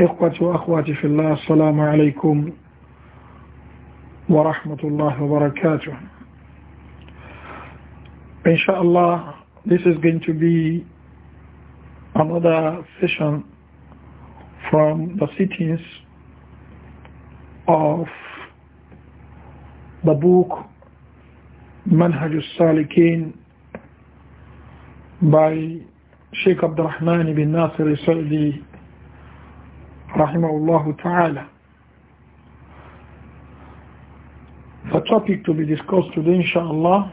إخوة وأخواتي في الله السلام عليكم ورحمة الله وبركاته إن شاء الله this is going to be another session from the sittings of the book Manhaj al-Salikin by Sheikh Abdurrahman ibn Nasir al-Saudi rahimahullah ta'ala. The topic to be discussed today, inshallah,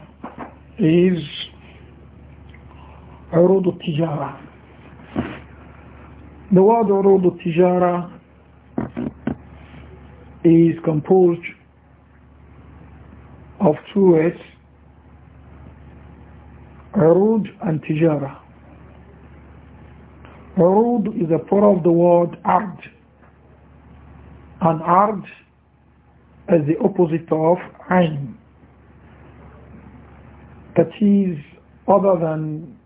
is عروض التجارة. The word عروض التجارة is composed of two words, عروض and تجارة. Urud is a part of the word ard. And ard is the opposite of ain. That is other than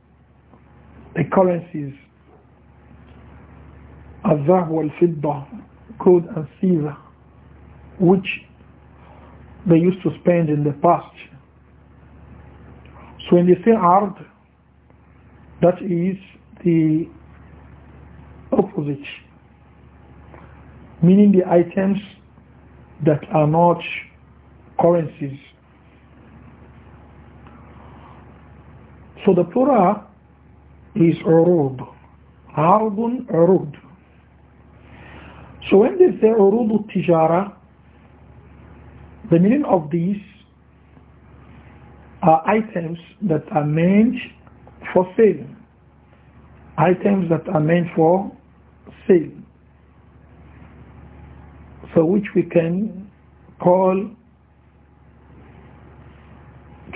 the currencies الذهب والفضة gold and silver which they used to spend in the past. So when they say ard, that is the opposite, meaning the items that are not currencies. So the plural is urud, arbun urud. So when they say urudu tijara, the meaning of these are items that are meant for sale, items that are meant for sale for which we can call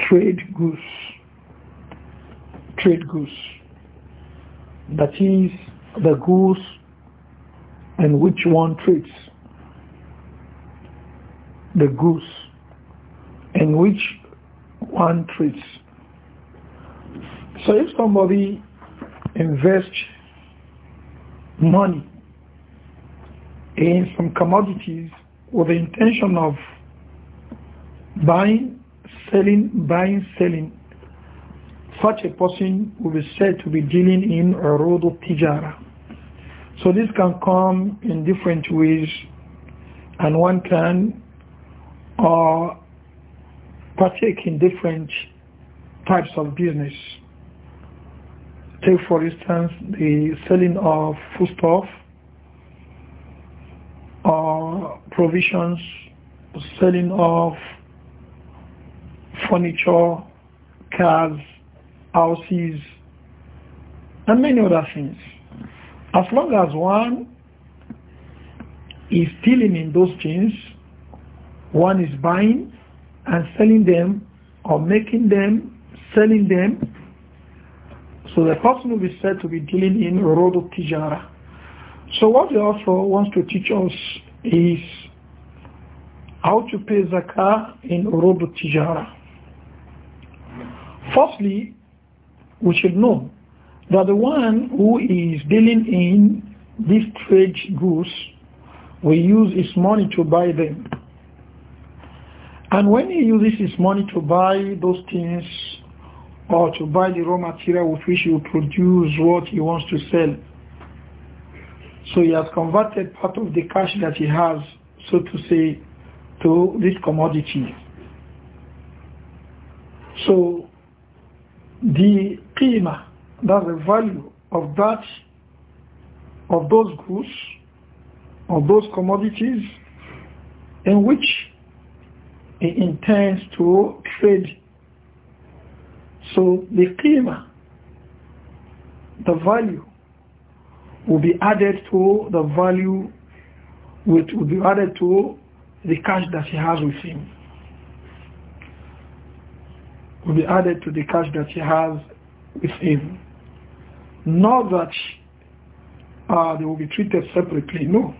trade goose, Trade goose. That is the goose, and which one trades. The goose, and which one trades. So if somebody invests money in some commodities with the intention of buying, selling, buying, selling. Such a person will be said to be dealing in a road of tijara. So this can come in different ways and one can uh, partake in different types of business. Take for instance the selling of foodstuff or provisions, selling of furniture, cars, houses, and many other things. As long as one is dealing in those things, one is buying and selling them or making them, selling them, so the person will be said to be dealing in Rodo Tijara. So what the author wants to teach us is how to pay zakah in Rodo Tijara. Firstly, we should know that the one who is dealing in these trade goods will use his money to buy them. And when he uses his money to buy those things or to buy the raw material with which he will produce what he wants to sell. So he has converted part of the cash that he has, so to say, to this commodity. So the qima, that's the value of that, of those goods, of those commodities in which he intends to trade so the qima, the value, will be added to the value which will be added to the cash that he has with him. Will be added to the cash that he has with him. Not that uh, they will be treated separately, no.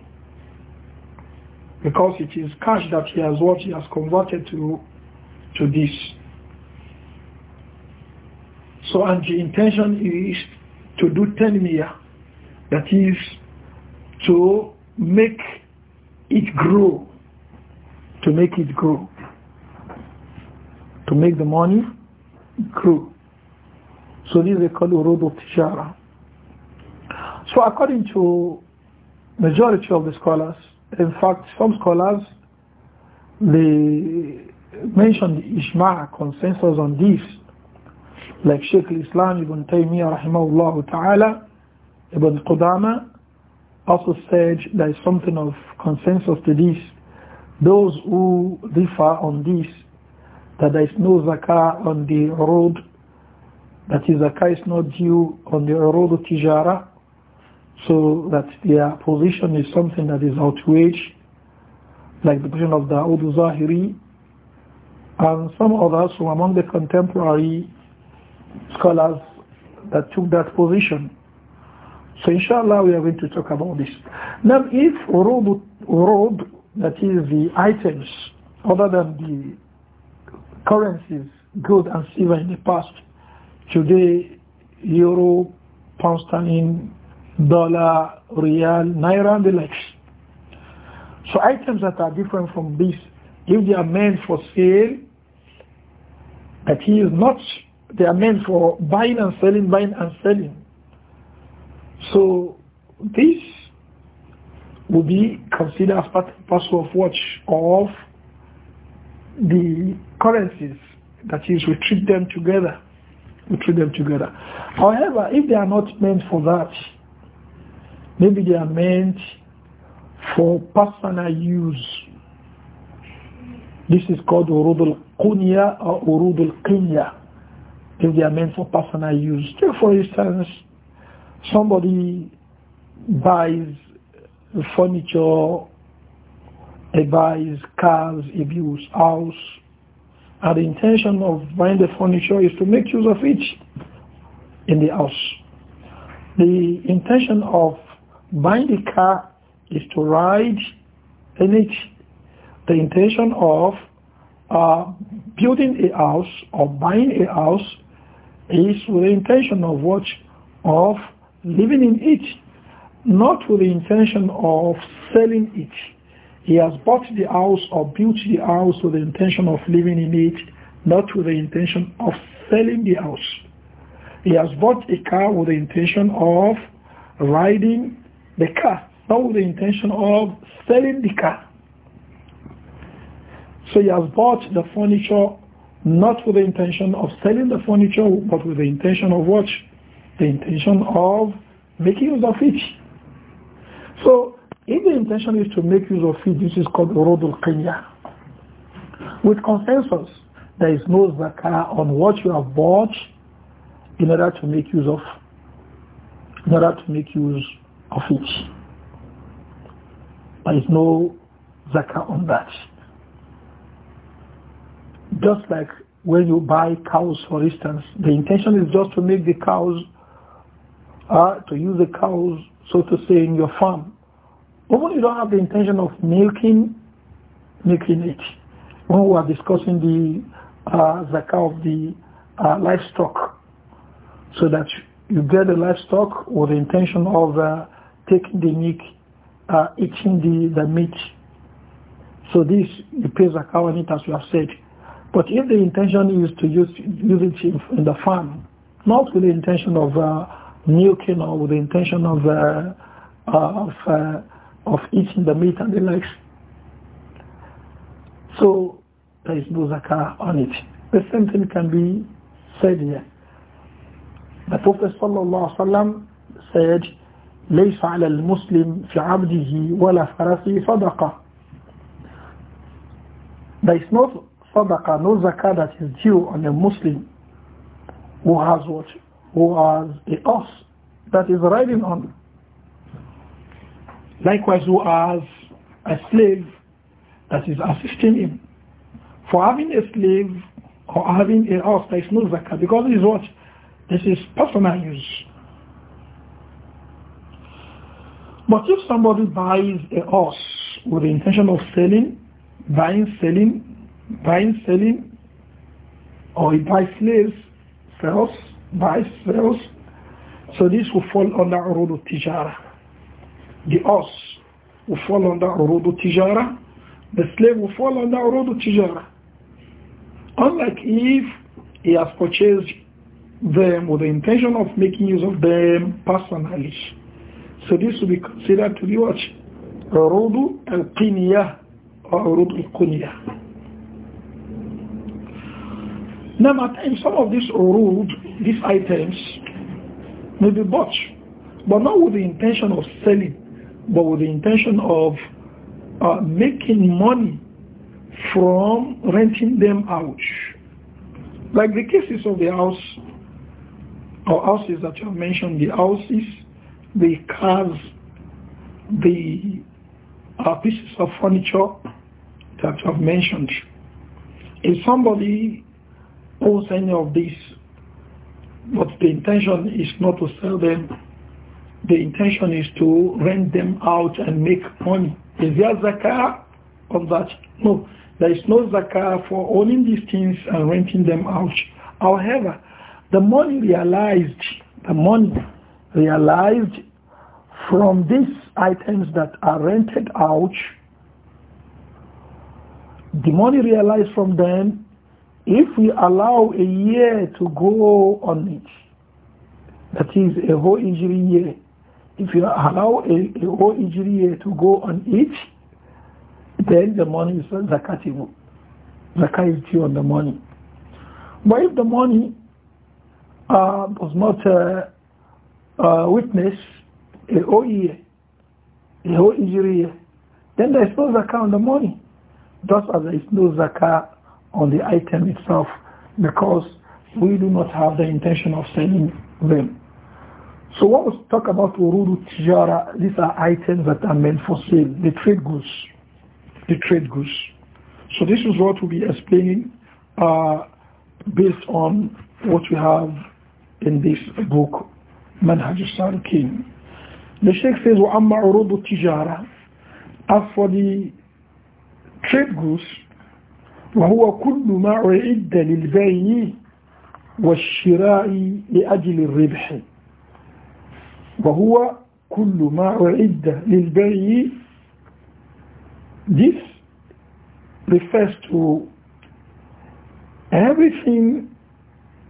Because it is cash that he has what he has converted to to this. So and the intention is to do tenmiyah, that is to make it grow, to make it grow, to make the money grow. So this is called road of tijara. So according to majority of the scholars, in fact some scholars, they mentioned the consensus on this like Sheikh al-Islam Ibn Taymiyyah rahimahullah ta'ala, Ibn Qudama also said there is something of consensus to this. Those who differ on this, that there is no zakah on the road, that is zakah is not due on the road of tijara, so that their position is something that is outraged, like the position of Dawood Zahiri, and some others who among the contemporary scholars that took that position. So inshallah we are going to talk about this. Now if robe, urub that is the items other than the currencies, gold and silver in the past, today euro, pound sterling, dollar, real, naira and the likes. So items that are different from this, if they are meant for sale, that is not they are meant for buying and selling, buying and selling. So this will be considered as part parcel of watch of the currencies. That is, we treat them together. We treat them together. However, if they are not meant for that, maybe they are meant for personal use. This is called urud al-qunya or urud al if they are meant for personal use. Take for instance, somebody buys furniture, he buys cars, he builds house, and the intention of buying the furniture is to make use of it in the house. The intention of buying the car is to ride in it. The intention of uh, building a house or buying a house is with the intention of what? Of living in it, not with the intention of selling it. He has bought the house or built the house with the intention of living in it, not with the intention of selling the house. He has bought a car with the intention of riding the car, not with the intention of selling the car. So he has bought the furniture not with the intention of selling the furniture, but with the intention of what? The intention of making use of it. So, if the intention is to make use of it, this is called Rodul Qinya. With consensus, there is no zakah on what you have bought in order to make use of in order to make use of it. There is no zakah on that. Just like when you buy cows, for instance, the intention is just to make the cows, uh, to use the cows, so to say, in your farm. But when you don't have the intention of milking, milking it, when we are discussing the uh, zakah of the uh, livestock, so that you get the livestock with the intention of uh, taking the meat, uh, eating the, the meat. So this, you pay zakah on it as you have said. But if the intention is to use, use it in the farm, not with the intention of uh, milking or with the intention of uh, uh of uh, of eating the meat and the legs, so there is no zakah on it. The same thing can be said here. The Prophet ﷺ said, ليس على المسلم في عبده ولا فرسه صدقة. There is no sadaqah, no zakah that is due on a Muslim who has what? Who has a horse that is riding on. Likewise, who has a slave that is assisting him. For having a slave or having a horse, there is no zakah because this is what? This is personal use. But if somebody buys a horse with the intention of selling, buying, selling, buying, selling, or he buys slaves, sells, buys, sells. So this will fall under Urudu Tijara. The us will fall under Urudu Tijara. The slave will fall under Urudu Tijara. Unlike if he has purchased them with the intention of making use of them personally. So this will be considered to be what? Urudu al-Qiniyah or Urudu al-Quniyah. Now, at times, some of these urud, these items, may be bought, but not with the intention of selling, but with the intention of uh, making money from renting them out. Like the cases of the house, or houses that you have mentioned, the houses, the cars, the uh, pieces of furniture that you have mentioned. If somebody owns any of these, but the intention is not to sell them. The intention is to rent them out and make money. Is there zakah on that? No. There is no zakah for owning these things and renting them out. However, the money realized, the money realized from these items that are rented out, the money realized from them if we allow a year to go on it, that is a whole injury year, if you allow a, a whole injury year to go on it, then the money is zakatable. Zakat is due on the money. But if the money uh, does not uh, uh, witness a whole year, a whole injury year, then there is no zakat on the money, just as there is no zakat on the item itself because we do not have the intention of selling them. So what we talk about urudu tijara, these are items that are meant for sale, the trade goods. The trade goods. So this is what we'll be explaining uh, based on what we have in this book, Manhaj al The Sheikh says, وَأَمَّا عُرُودُ التِّجَارَةِ As for the trade goods, وهو كل ما أعد للبيع والشراء لأجل الربح وهو كل ما أعد للبيع This refers to everything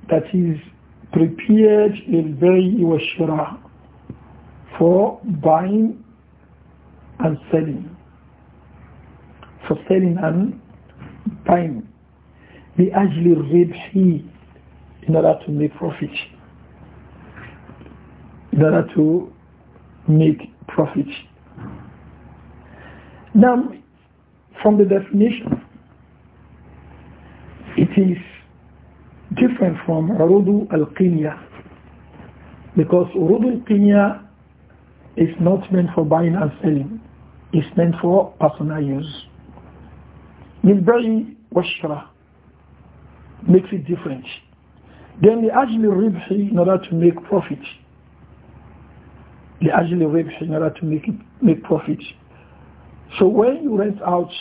that is prepared للبيع والشراء for buying and selling for selling and time بأجل الربح in order to make profit in order to make profit now from the definition it is different from عروض القنية because عروض القنية is not meant for buying and selling it's meant for personal use Milbai Washra makes it different. Then the Ajli in order to make profit. The Ajli in order to make, it, make profit. So when you rent out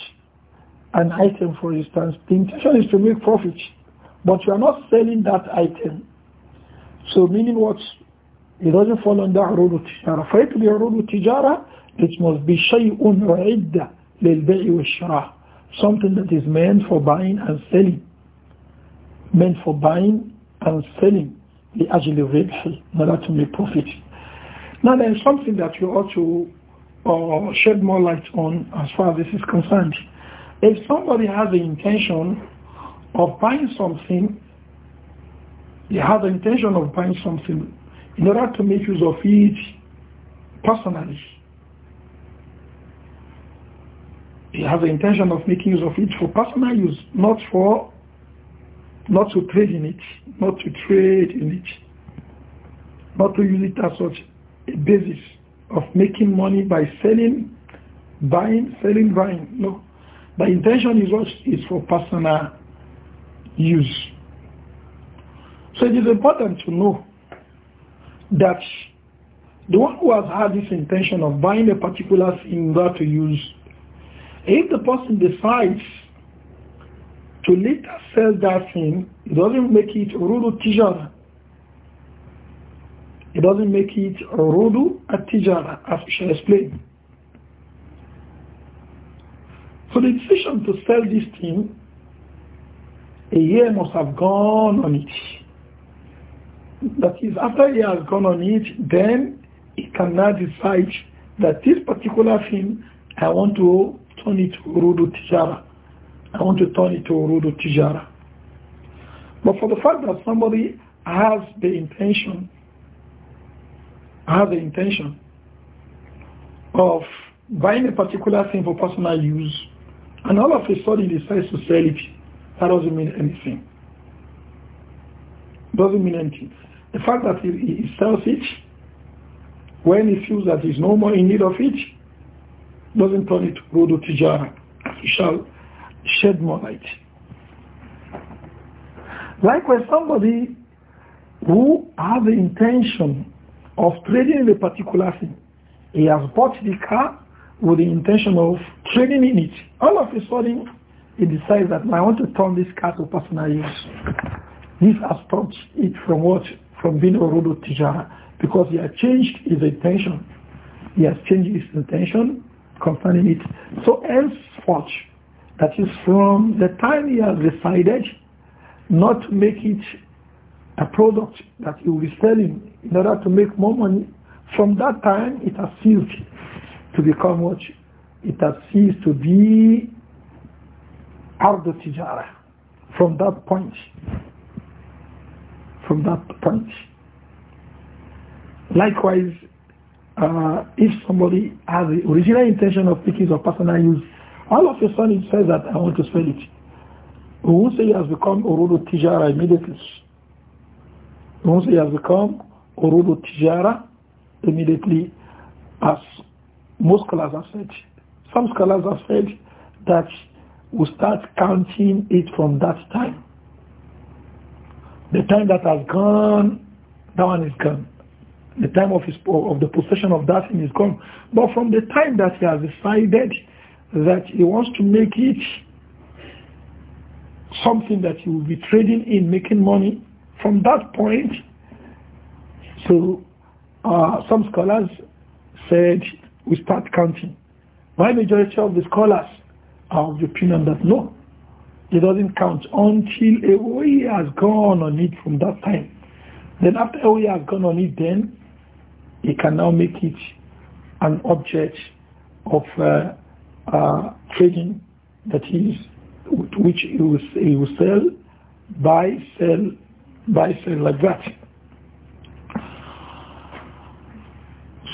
an item, for instance, the intention is to make profit, but you are not selling that item. So meaning what? It doesn't fall under rule. Tijara. For it to be Arudu Tijara, it must be Shay'un U'idda للبيع والشراء something that is meant for buying and selling. Meant for buying and selling the ajli ribh in order to make profit. Now there is something that you ought to uh, shed more light on as far as this is concerned. If somebody has the intention of buying something, they have the intention of buying something in order to make use of it personally he has the intention of making use of it for personal use, not for, not to trade in it, not to trade in it, not to use it as such a basis of making money by selling, buying, selling, buying. No. The intention is what is for personal use. So it is important to know that the one who has had this intention of buying a particular thing in order to use if the person decides to later sell that thing, it doesn't make it rudu tijara. It doesn't make it rudu tijara, as we shall explain. So the decision to sell this thing, a year must have gone on it. That is, after a year has gone on it, then it can now decide that this particular thing, I want to turn it to Urudu Tijara. I want to turn it to Urudu Tijara. But for the fact that somebody has the intention, has the intention of buying a particular thing for personal use, and all of a sudden decides to sell it, that doesn't mean anything. Doesn't mean anything. The fact that he, he sells it, when he feels that he's no more in need of it, doesn't turn it to Rodo Tijara. He shall shed more light. Likewise, somebody who has the intention of trading in a particular thing, he has bought the car with the intention of trading in it. All of a sudden, he decides that I want to turn this car to personal use. This has stopped it from what? From being a rodo tijara. Because he has changed his intention. He has changed his intention concerning it. So henceforth, that is from the time he has decided not to make it a product that he will be selling in order to make more money, from that time it has ceased to become what? It has ceased to be Ardu Tijara from that point. From that point. Likewise, uh, if somebody has the original intention of taking for personal use, all of a sudden it says that I want to spend it. We won't say he has become Urudu Tijara immediately. We won't say he has become Urudu Tijara immediately as most scholars have said. Some scholars have said that we start counting it from that time. The time that has gone, that one is gone the time of, his, of the possession of that thing is gone. But from the time that he has decided that he wants to make it something that he will be trading in, making money, from that point, so uh, some scholars said we start counting. My majority of the scholars are of the opinion that no, it doesn't count until a way has gone on it from that time. Then after a way has gone on it, then he can now make it an object of uh, uh, trading that is which he will, he will sell, buy, sell, buy, sell like that.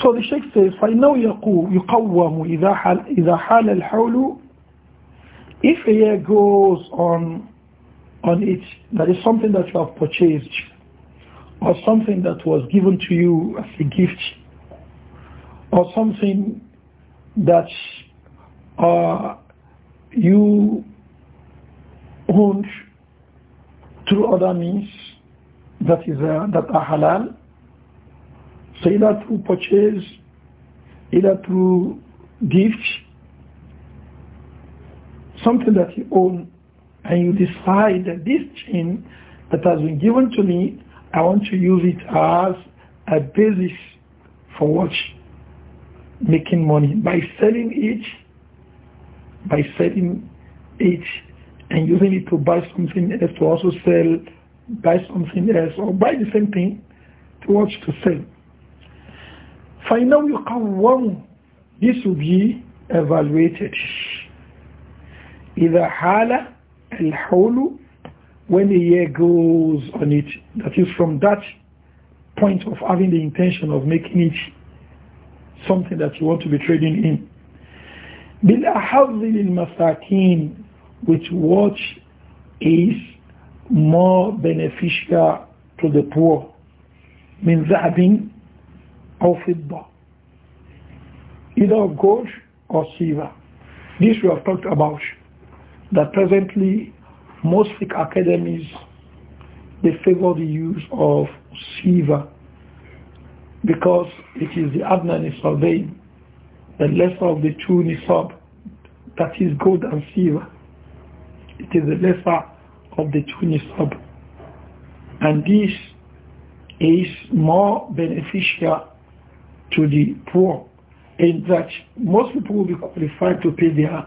So the Sheikh says, فَإِنَّهُ يُقَوَّمُ إِذَا حَالَ, إذا حال الْحَوْلُ If a year goes on on it, that is something that you have purchased, or something that was given to you as a gift or something that uh, you owned through other means that is uh, that are halal so either through purchase either through gift something that you own and you decide that this thing that has been given to me I want to use it as a basis for what? Making money. By selling it, by selling it and using it to buy something else, to also sell, buy something else, or buy the same thing to watch To sell. come one, This will be evaluated. إذا حال الحول when the year goes on it, that is from that point of having the intention of making it something that you want to be trading in. بِالْأَحَظِّ لِلْمَسَاكِينَ which is more beneficial to the poor من ذهب أو فضة either of gold or silver. This we have talked about that presently most fiqh academies, they favor the use of Shiva because it is the Adna Nisabain, the lesser of the two Nisab, that is gold and silver. It is the lesser of the two Nisab. And this is more beneficial to the poor in that most people will be qualified to pay their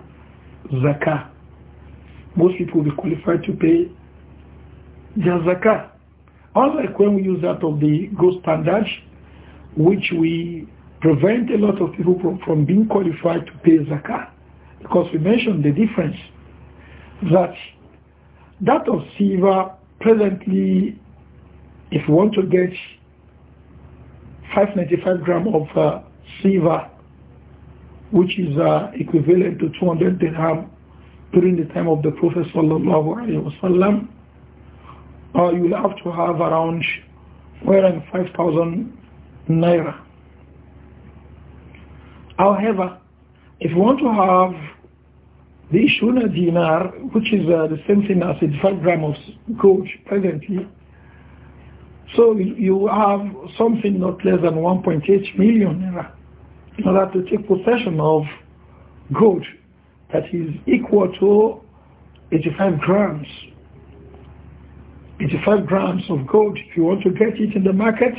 zakah most people will be qualified to pay their Unlike when we use that of the gold standard, which we prevent a lot of people from, from being qualified to pay zakah. Because we mentioned the difference that that of silver presently, if you want to get 595 gram of uh, silver, which is uh, equivalent to 200 dirham, during the time of the Prophet sallallahu uh, you will have to have around wearing 5,000 naira. However, if you want to have the Ishuna dinar, which is uh, the same thing as the 5 gram of gold presently, so you have something not less than 1.8 million naira in order to take possession of gold that is equal to 85 grams. 85 grams of gold. If you want to get it in the market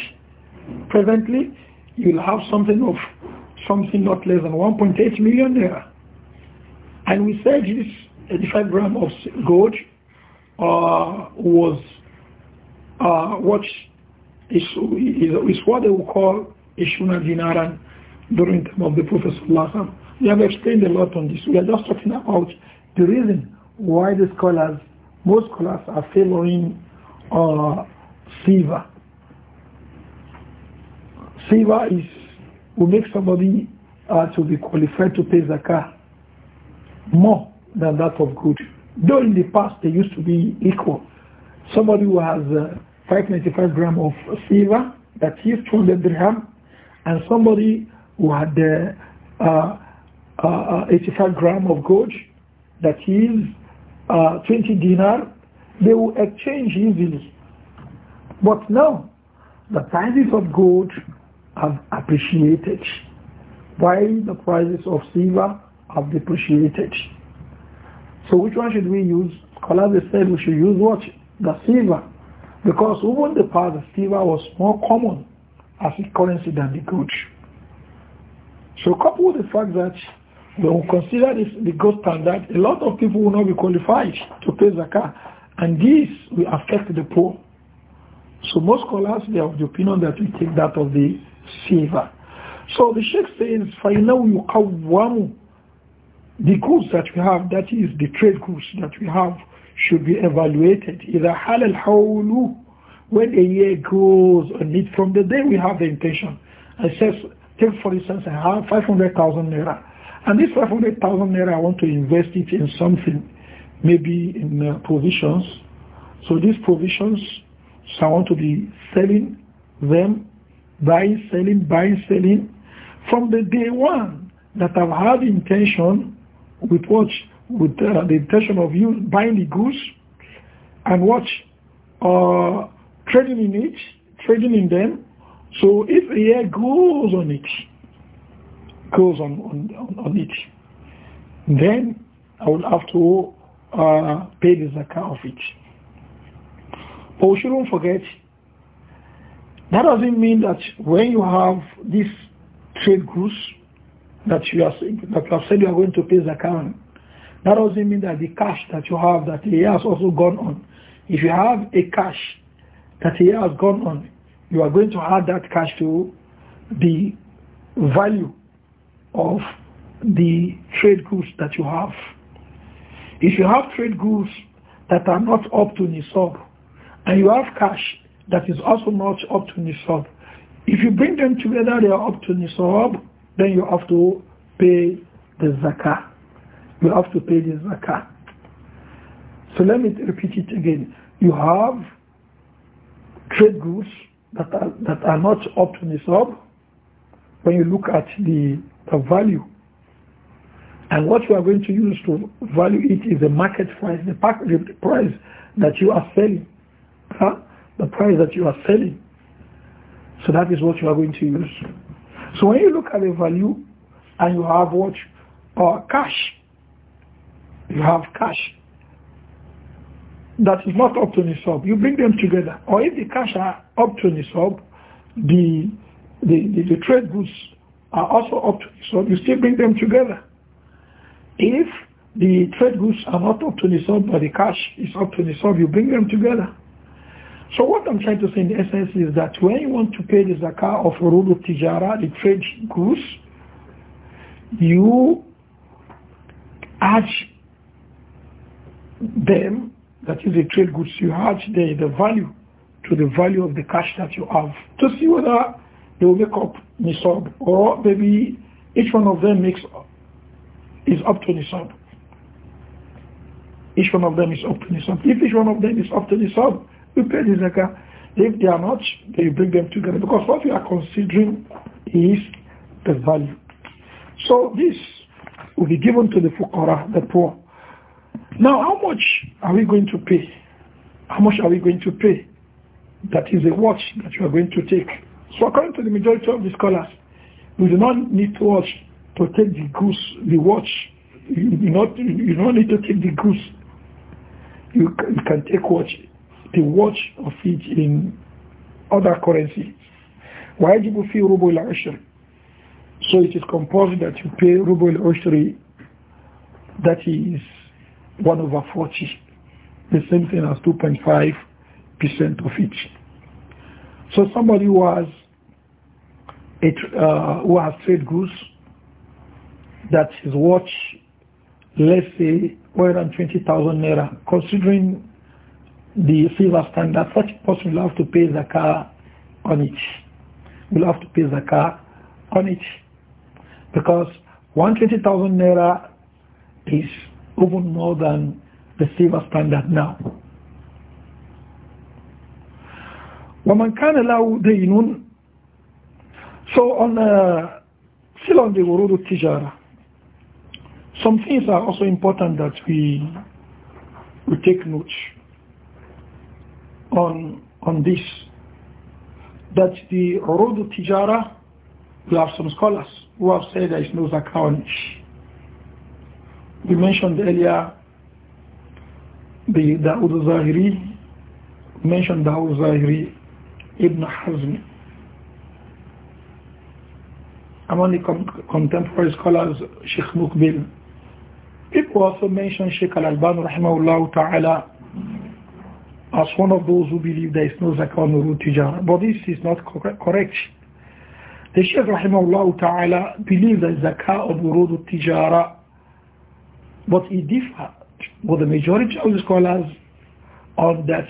presently, you'll have something of something not less than 1.8 million naira. And we said this 85 gram of gold uh, was uh, what is, is, is what they would call a Dinaran during the time of the Prophet Sallallahu We have explained a lot on this. We are just talking about the reason why the scholars, most scholars are favoring uh, silver. Silver is, will make somebody uh, to be qualified to pay zakah more than that of good. Though in the past they used to be equal. Somebody who has uh, 595 gram of silver, that is 200 dirham, and somebody who had uh, uh, uh, 85 gram of gold, that is uh, 20 dinar, they will exchange easily. But now, the prices of gold have appreciated, while the prices of silver have depreciated. So which one should we use? Scholars said we should use what? The silver. Because even the past, the silver was more common as a currency than the gold. So coupled with the fact that when we consider this, the gold standard, a lot of people will not be qualified to pay zakah. And this will affect the poor. So most scholars, they have the opinion that we take that of the silver. So the Sheikh says, فَإِنَّهُ يُقَوَّمُ The goods that we have, that is the trade goods that we have, should be evaluated. إِذَا حَلَ الْحَوْلُ When a year goes on it, from the day we have the intention. I says, Take for instance, I have 500,000 naira. And this 500,000 naira, I want to invest it in something, maybe in uh, provisions. So these provisions, so I want to be selling them, buying, selling, buying, selling. From the day one that I've had intention with what, with uh, the intention of you buying the goods and what, uh, trading in it, trading in them, so if a year goes on it, goes on, on, on it, then I will have to uh, pay the zakah of it. But we shouldn't forget, that doesn't mean that when you have this trade goods that you, are, that you have said you are going to pay zakah on, that doesn't mean that the cash that you have that year has also gone on. If you have a cash that year has gone on, you are going to add that cash to the value of the trade goods that you have. If you have trade goods that are not up to Nisab, and you have cash that is also not up to Nisab, if you bring them together, they are up to Nisab, then you have to pay the zakah. You have to pay the zakah. So let me repeat it again. You have trade goods that are, that are not up to nisab when you look at the, the value. And what you are going to use to value it is the market price, the, pack, the price that you are selling. Huh? The price that you are selling. So that is what you are going to use. So when you look at the value and you have what? Uh, cash. You have cash that is not up to nisab, you bring them together. Or if the cash are up to nisab, the, the, the, the trade goods are also up to nisab, you still bring them together. If the trade goods are not up to nisab, but the cash is up to nisab, you bring them together. So what I'm trying to say in essence is that when you want to pay the zakah of rudu tijara, the trade goods, you add them that is the trade goods you have the the value to the value of the cash that you have to see whether they will make up nisab or maybe each one of them makes is up to nisab. Each one of them is up to nisab. If each one of them is up to nisab, you pay the zakah. If they are not, then you bring them together because what we are considering is the value. So this will be given to the fuqara, the poor. Now, how much are we going to pay? How much are we going to pay? That is a watch that you are going to take. So according to the majority of the scholars, we do not need to watch to take the goose, the watch. You, do not, you don't need to take the goose. You, can, you can take watch, the watch of it in other currency. Why do ويجب feel ruble العشر So it is compulsory that you pay in العشر that is 1 over 40. The same thing as 2.5% of each. So somebody who has, a, uh, who has trade goods that is worth, let's say, twenty thousand naira, considering the silver standard, such person will have to pay the car on it. Will have to pay the car on it because 120,000 naira is even more than the silver standard now. وَمَنْ كَانَ لَهُ دَيْنٌ So on, uh, still on the Wurudu Tijara, some things are also important that we, we take note on, on this. That the Wurudu Tijara, we have some scholars who have said there is no zakah on it. We mentioned earlier the Dawood Zahiri, mentioned Dawood Zahiri, Ibn Hazm. Among the contemporary scholars, Sheikh Mukbil. People also mention Sheikh Al-Alban rahimahullah ta'ala as one of those who believe there is no zakah on Nuru Tijara. But this is not correct. The Sheikh rahimahullah ta'ala believes that zakah on Nuru Tijara but it differs with the majority of the scholars on that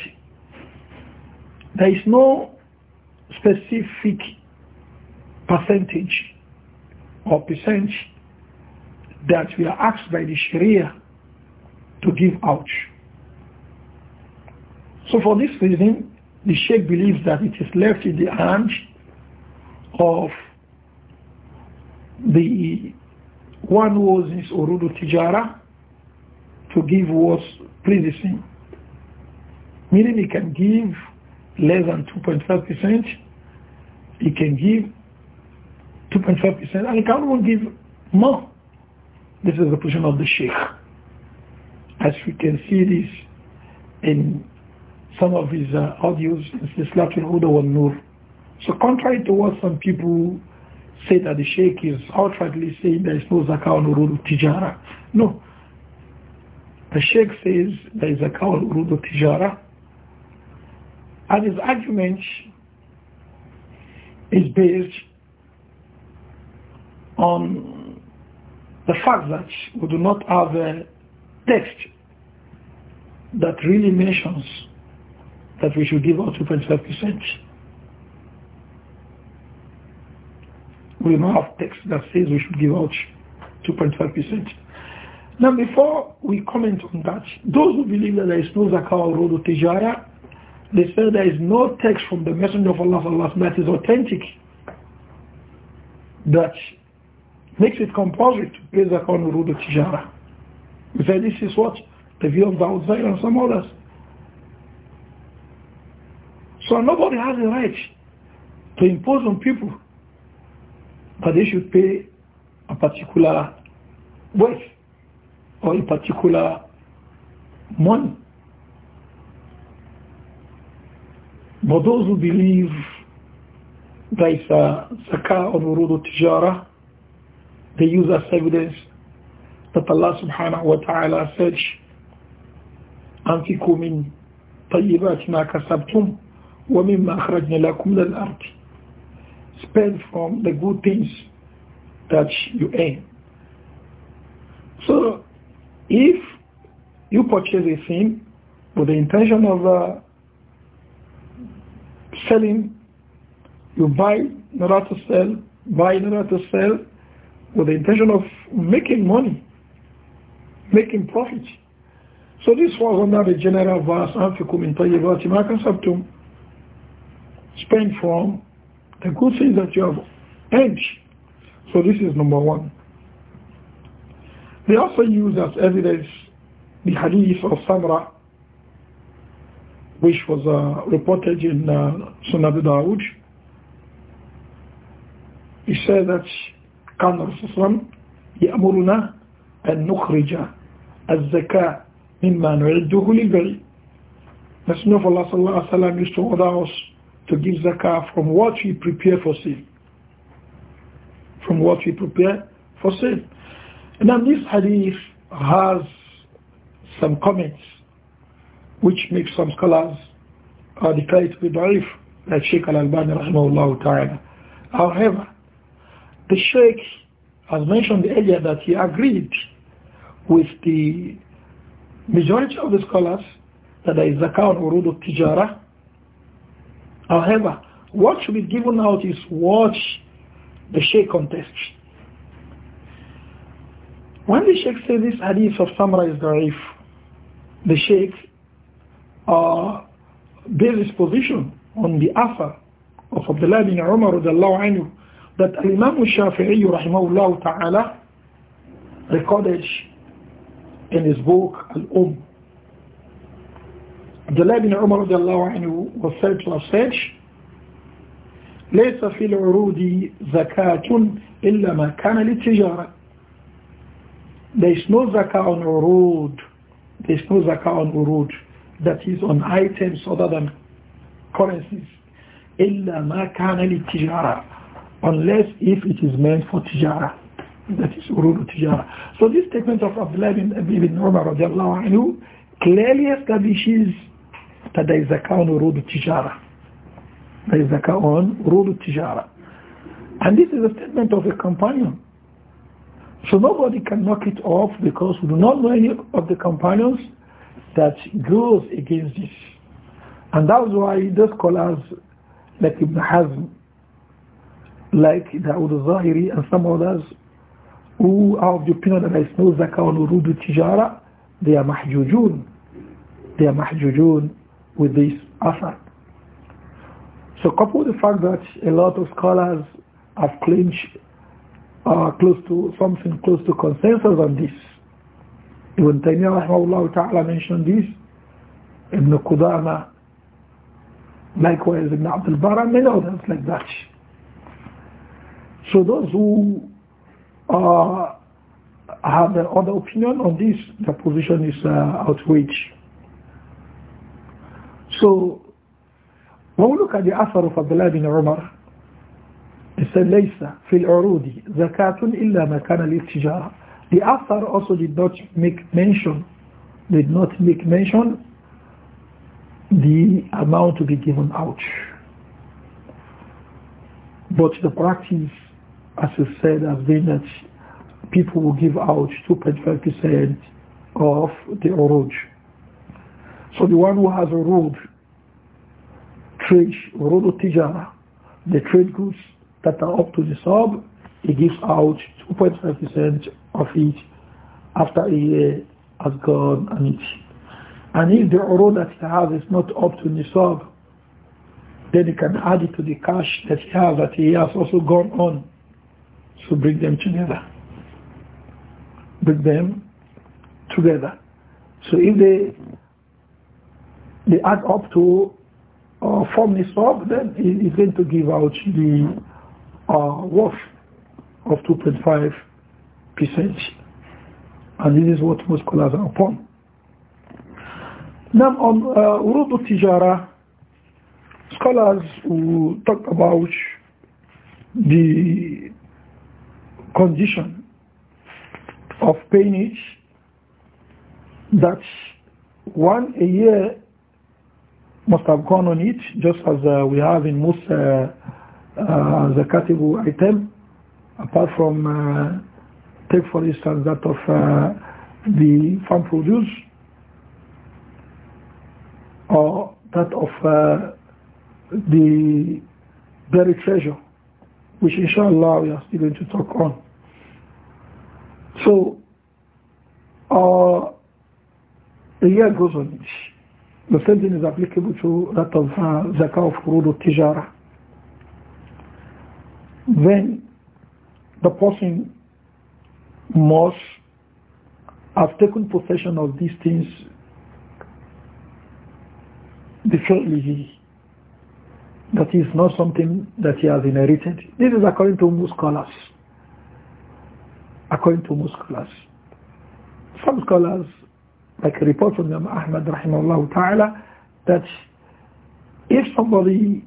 there is no specific percentage or percent that we are asked by the Sharia to give out. So for this reason, the Sheikh believes that it is left in the hands of the one who owns his Urudu Tijara to give what pleases him. Meaning he can give less than 2.5%, he can give 2.5%, and he can even give more. This is the position of the sheikh. As we can see this in some of his uh, audios, it's the in Uda wal Nur. So contrary to what some people say that the sheikh is outrightly saying there is no zakah on urul tijara. No, the Sheikh says there is a call urudu tijara and his argument is based on the fact that we do not have a text that really mentions that we should give out 2.5%. We do not have text that says we should give out 2.5%. Now, before we comment on that, those who believe that there is no zakah or rodo tijara, they say there is no text from the Messenger of Allah sallallahu that is authentic that makes it compulsory to pay zakah or rodo tijara. We say this is what the view of Dawud and some others. So nobody has the right to impose on people that they should pay a particular wage or a particular money. But those who believe there is a zakah or urudu tijara, they use as evidence that Allah subhanahu wa ta'ala said, أنفقوا من طيبات ما كسبتم ومما أخرجنا لكم من الأرض Spend from the good things that you earn. So if you purchase a thing with the intention of uh, selling, you buy in order to sell, buy in order to sell with the intention of making money, making profit. So this was under the general verse, أَنْفِكُمْ مِنْ طَيِّبَاتِ مَا to Spend from the good things that you have earned. So this is number one. They also use as evidence the hadith of Samra, which was uh, reported in uh, Sunnah Abu Dawud. He said that كان الرسول صلى الله عليه وسلم يأمرنا أن نخرج الزكاة مما نعده للبري. Messenger of Allah sallallahu alaihi wasallam used to order us to give zakah from what we prepare for sale. From what we prepare for sale. Now this hadith has some comments which make some scholars uh, declare it to be da'if, like Sheikh Al-Albani rahimahullah ta'ala. However, the Sheikh has mentioned earlier that he agreed with the majority of the scholars that there is zakah on urud tijara. However, what should be given out is what the Sheikh contests. When the Sheikh said this hadith of Samra is da'if, the Sheikh uh, based his position on the Afa of Abdullah bin Umar anhu, that Imam al-Shafi'i rahimahullah ta'ala recorded in his book Al-Um. Abdullah bin Umar anhu was said to have said, ليس في العروض زكاة إلا ما كان للتجارة there is no zakah on urud. There is no zakah on urud. That is on items other than currencies. إِلَّا مَا كَانَ tijara, Unless if it is meant for tijara. That is urud tijara. So this statement of Abdullah ibn, ibn Umar anhu, clearly establishes that there is zakah on urud tijara. There is zakah on urud tijara. And this is a statement of a companion so nobody can knock it off because we do not know any of the companions that goes against this. And that's why those scholars like Ibn Hazm, like al Zahiri and some others who are of the opinion that there is no zakah on urudu tijara, they are mahjujun. They are mahjujun with this asar. So couple the fact that a lot of scholars have clinched uh, close to something close to consensus on this. Ibn Taymiyyah ta'ala mentioned this. Ibn Qudama, likewise Ibn Abdul Bara, many others like that. So those who uh, have other opinion on this, their position is uh, outraged. So when we look at the asar of Abdullah bin Umar, they said, لَيْسَ فِي الْعُرُودِ زَكَاتٌ إِلَّا مَا كَانَ لِلْتِجَارَةِ The author also did not make mention, did not make mention the amount to be given out. But the practice, as I said, has been that people will give out 2.5% of the urud. So the one who has urud, trade, urud tijara, the trade goods, that are up to the sub, he gives out 2.5% of it after a year has gone on it. And if the urud that he has is not up to the sub, then he can add it to the cash that he has that he has also gone on. So bring them together. Bring them together. So if they they add up to uh, form sub, then is going to give out the are worth of 2.5 percent. And this is what most scholars are upon. Now on urudu uh, Tijara, scholars who talk about the condition of payment that one a year must have gone on it, just as uh, we have in most uh, the uh, category item, apart from, uh, take for instance that of uh, the farm produce, or that of the buried treasure, which inshallah we are still going to talk on. So, uh, year goes on. The same thing is applicable to that of uh, zakah of furud tijara then the person must have taken possession of these things differently. That is not something that he has inherited. This is according to most scholars. According to most scholars. Some scholars, like a report from Imam Ahmad rahimahullah ta'ala, that if somebody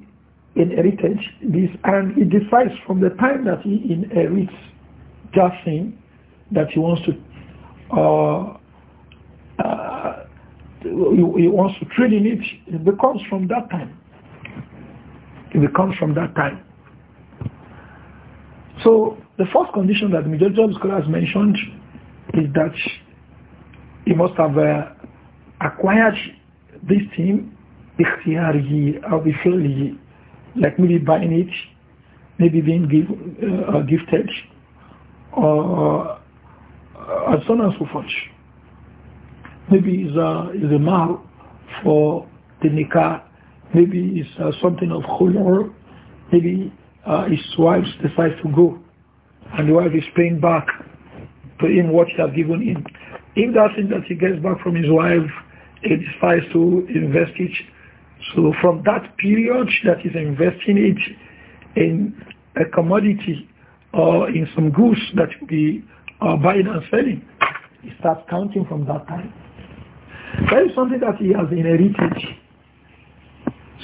heritage, this and it decides from the time that he inherits that thing that he wants to uh, uh, he, he wants to trade in it, it becomes from that time. It becomes from that time. So the first condition that majority of has mentioned is that he must have uh, acquired this thing بِخْتِيَارِهِ He بِفِعْلِهِ like maybe buying it, maybe being give, uh, gifted, or uh, so on and so forth. Maybe it's a, it's a mar for the nikah, maybe it's uh, something of honor, maybe uh, his wife decides to go, and the wife is paying back to him what she has given him. If that thing that he gets back from his wife, he decides to invest it so from that period that is investing it in a commodity or in some goods that we are buying and selling, he starts counting from that time. That is something that he has inherited.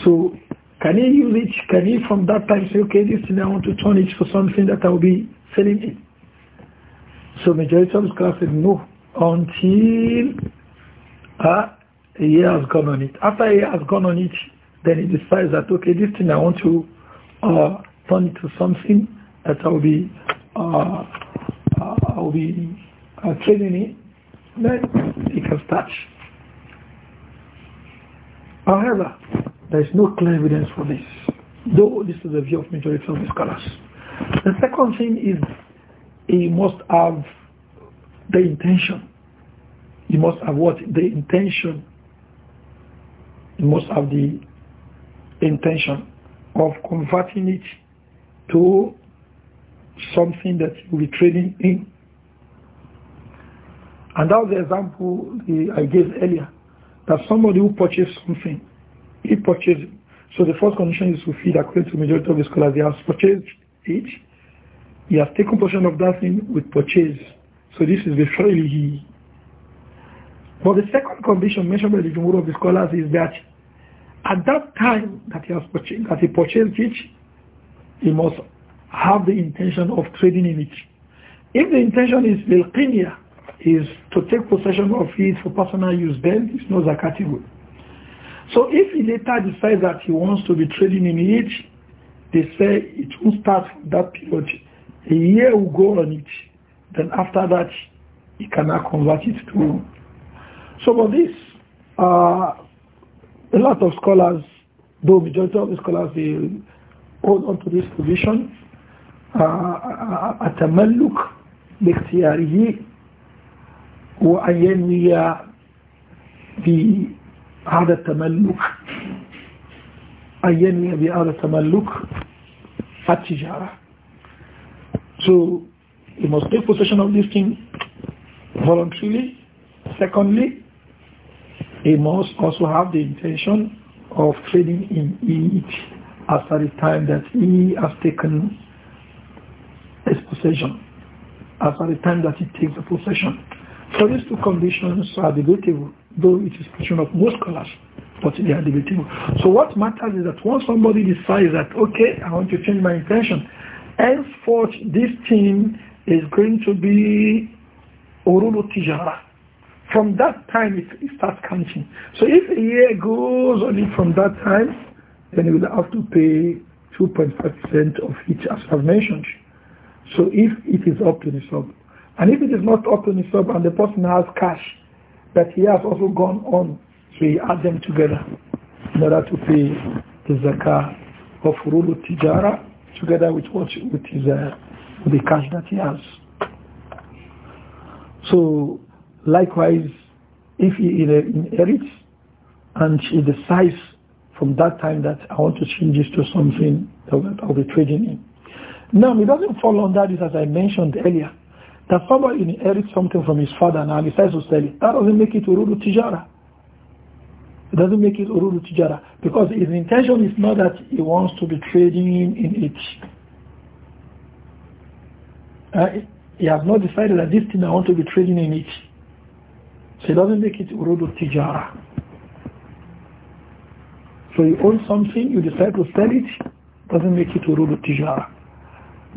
So can he use it? Can he from that time say, okay, this thing I want to turn it for something that I will be selling it? So majority of the class said no until uh, a year has gone on it. After a year has gone on it, then he decides that, okay, this thing I want to uh, turn into something that I'll be, uh, uh I'll be uh, trading in. Then he can start. However, there is no clear evidence for this, though this is the view of majority of the scholars. The second thing is he must have the intention. He must have what? The intention most must have the intention of converting it to something that you will be trading in. And that was the example I gave earlier, that somebody who purchased something, he purchased So the first condition is fulfilled according to majority of the scholars. He has purchased it. He has taken possession of that thing with purchase. So this is the he. But the second condition mentioned by the Jumhur of the scholars is that at that time that he has purchased, that he purchased it, he must have the intention of trading in it. If the intention is bilqinia, is to take possession of it for personal use, then it's not category. So if he later decides that he wants to be trading in it, they say it will start from that period. A year will go on it. Then after that, he cannot convert it to some of these, uh, a lot of scholars, though majority of the scholars, they hold on to this position. التملك باختياره وأن ينوي بهذا التملك أن ينوي بهذا التملك التجارة So you must take possession of this thing voluntarily. Secondly, he must also have the intention of trading in it after the time that he has taken his possession, after the time that he takes the possession. So these two conditions are debatable, though it is question of most scholars, but they are debatable. So what matters is that once somebody decides that, okay, I want to change my intention, henceforth this thing is going to be Orulu Tijara, from that time, it, it starts counting. So if a year goes only from that time, then you will have to pay 2.5% of each, as I've mentioned. So if it is up to the sub, and if it is not up to the sub, and the person has cash that he has also gone on, so he add them together in order to pay the zakah of rulu tijara together with what with his uh, with the cash that he has. So Likewise, if he inherits and decides from that time that I want to change this to something that I'll be trading in. Now, it doesn't fall on that is as I mentioned earlier, that somebody inherits something from his father and decides to sell it. That doesn't make it urudu tijara. It doesn't make it urudu tijara because his intention is not that he wants to be trading in it. Uh, he has not decided that this thing I want to be trading in it. So it doesn't make it urudul tijara. So you own something, you decide to sell it, doesn't make it urudu tijara.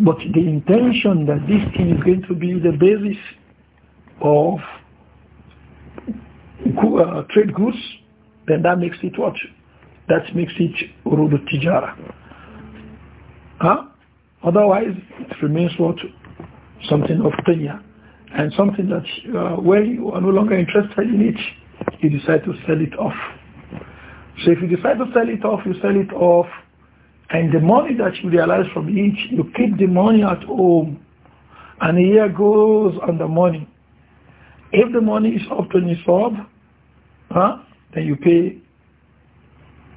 But the intention that this thing is going to be the basis of uh, trade goods, then that makes it what? That makes it urudu tijara. Huh? Otherwise, it remains what? Something of tenure and something that uh, where you are no longer interested in it, you decide to sell it off. So if you decide to sell it off, you sell it off, and the money that you realize from each, you keep the money at home, and a year goes on the money. If the money is up to Nisab, huh, then you pay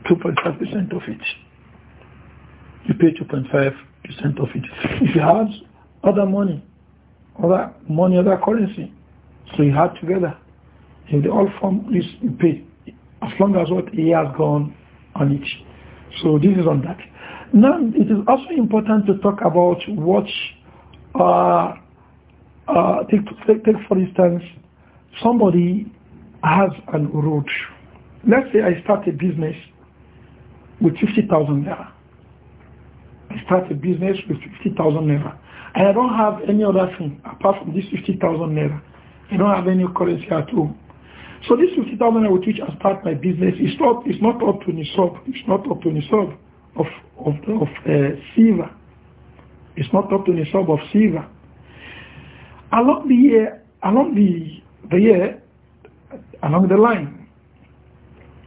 2.5% of it. You pay 2.5% of it. If you have other money, other money, other currency. So he had together. If they all form this, you pay. As long as what he has gone on it. So this is on that. Now, it is also important to talk about what, uh, uh, take, take, take for instance, somebody has an road. Let's say I start a business with 50,000 naira. I start a business with 50,000 naira. I don't have any other thing apart from this 50,000 naira. I don't have any currency at home. So this 50,000 naira with which I start my business is not, it's not up to Nisab. It's not up to Nisab of, of, of uh, silver. It's not up to Nisab of silver. Along the year, along the, the year, along the line,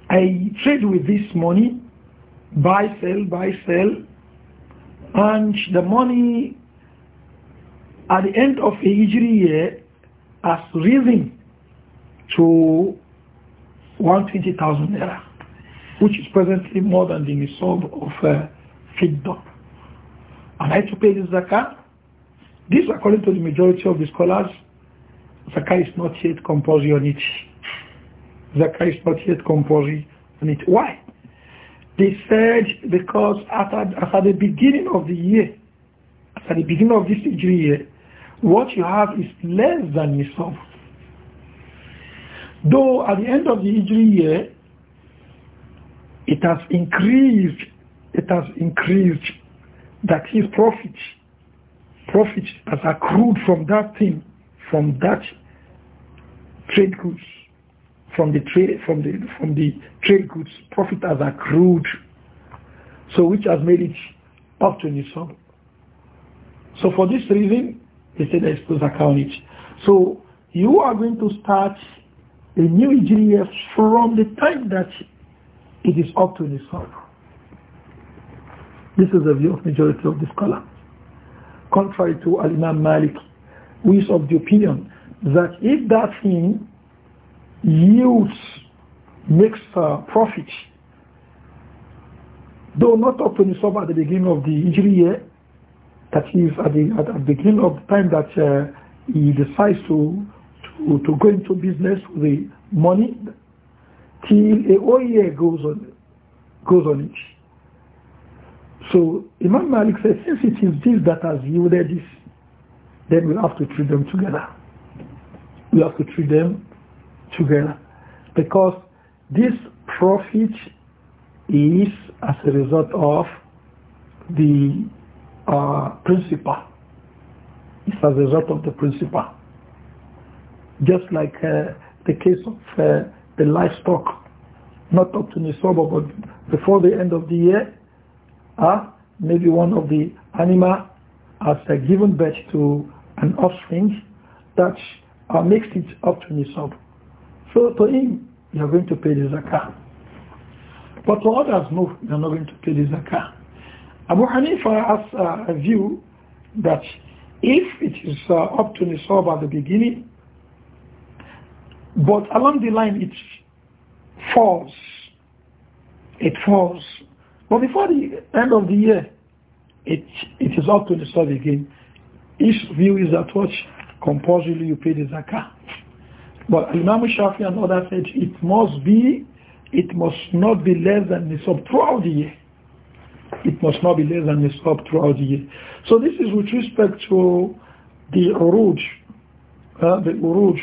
I trade with this money, buy, sell, buy, sell, and the money at the end of a Hijri year has risen to 120,000 naira, which is presently more than the nisab of uh, Fiddah. Am I to pay this zakah? This, according to the majority of the scholars, zakah is not yet compulsory on it. Zakah is not yet compulsory on it. Why? They said because after, after the beginning of the year, at the beginning of this year, what you have is less than Nisab. Though at the end of the Hijri year, it has increased, it has increased that his profit, profit has accrued from that thing, from that trade goods, from the trade, from the, from the trade goods, profit has accrued. So which has made it up to Nisab. So for this reason, they said there's it. So you are going to start a new Hijriya from the time that it is up to the sun. This is the view of majority of the scholar. Contrary to Al-Imam Malik, who is of the opinion that if that thing yields, makes uh, profit, though not up to Nisab at the beginning of the Hijri year, that is at the, at the beginning of the time that uh, he decides to, to, to go into business with the money till a whole year goes on, goes on it. So Imam Malik says, since it is this that has yielded this, then we have to treat them together. We have to treat them together. Because this profit is as a result of the uh, It's as a result of the principle. Just like uh, the case of uh, the livestock, not up to Nisoba, but before the end of the year, uh, maybe one of the animal has uh, given birth to an offspring that uh, makes it up to Nisoba. So to him, you are going to pay the zakah. But to others, no, you are not going to pay the zakah. Abu Hanifa has a view that if it is uh, up to Nisab at the beginning, but along the line it falls, it falls. But before the end of the year, it, it is up to Nisab again. His view is that what compulsorily you pay the zakah. But Imam Shafi and others said it must be, it must not be less than Nisab throughout the year. It must not be less than nisab throughout the year. So this is with respect to the uruj, uh, the uruj,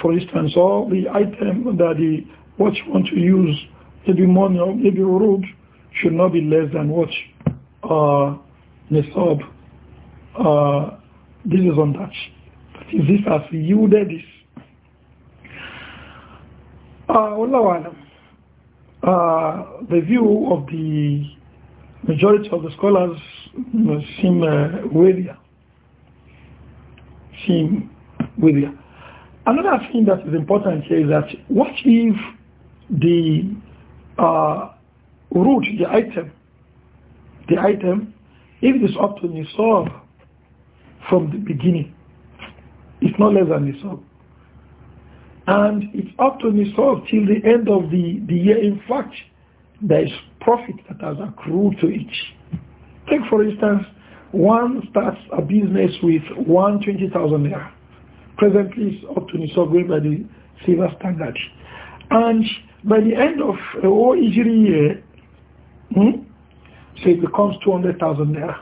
for instance, all the item that the what you want to use, maybe money or maybe uruj, should not be less than what uh, nisab. Uh, this is on that. That is, this has yielded this. Uh, uh, the view of the majority of the scholars seem uh, weightier. Seem weightier. Another thing that is important here is that what if the uh, root, the item, the item, if it is up to Nisab from the beginning, it's not less than Nisab. And it's up to Nisab till the end of the, the year. In fact, there is profit that has accrued to it. Take for instance, one starts a business with 120,000 naira. Presently it's up to sovereign by the silver standard. And by the end of the whole Ijiri year, hmm, so it becomes 200,000 naira.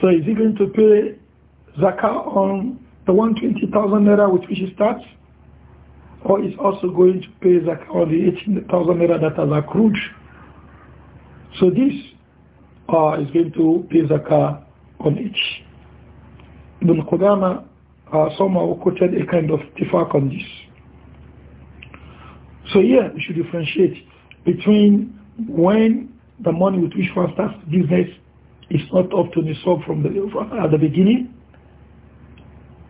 So is he going to pay zakah on the 120,000 naira with which he starts or is also going to pay zakat on the 18,000 naira that has accrued. So this uh, is going to pay zakat on each. Ibn Qudama uh, somehow quoted a kind of tifak on this. So here yeah, we should differentiate between when the money with which one starts business is not up to nisab from the from, at the beginning,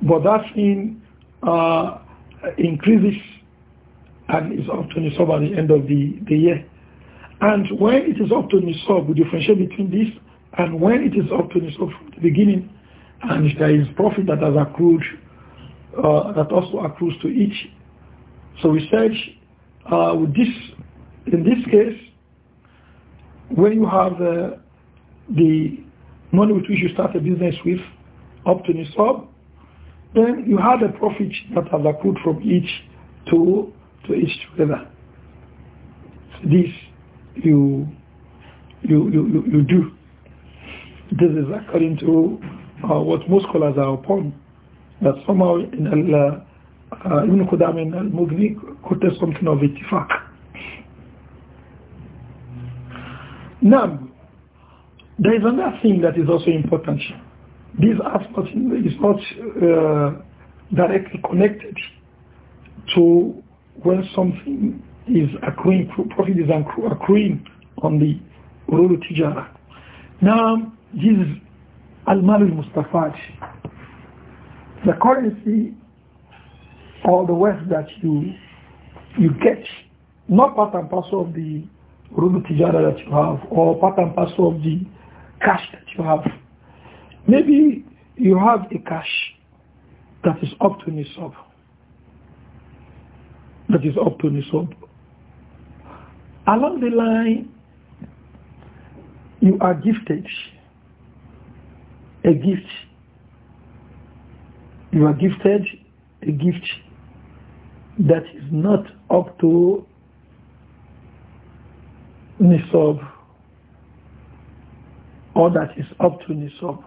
but that's in. uh, increases and is up to Nisab at the end of the, the year. And when it is up to Nisab, we differentiate between this and when it is up to Nisab from the beginning and there is profit that has accrued, uh, that also accrues to each. So we said uh, with this, in this case, when you have uh, the money with which you start a business with up to Nisab, then you had a profit that has accrued from each to to each together. So this you you you you, do. This is according to uh, what most scholars are upon. That somehow in Allah uh, Ibn Qudam in Al-Mughni quoted something of ittifaq. Now, there is another thing that is also important. This aspect is not uh, directly connected to when something is accruing, profit is accruing on the rule tijara. Now, this is al-mal al The currency or the wealth that you you get, not part and parcel of the rule tijara that you have or part and parcel of the cash that you have. Maybe you have a cash that is up to Nisab. That is up to Nisab. Along the line, you are gifted a gift. You are gifted a gift that is not up to Nisab or that is up to Nisab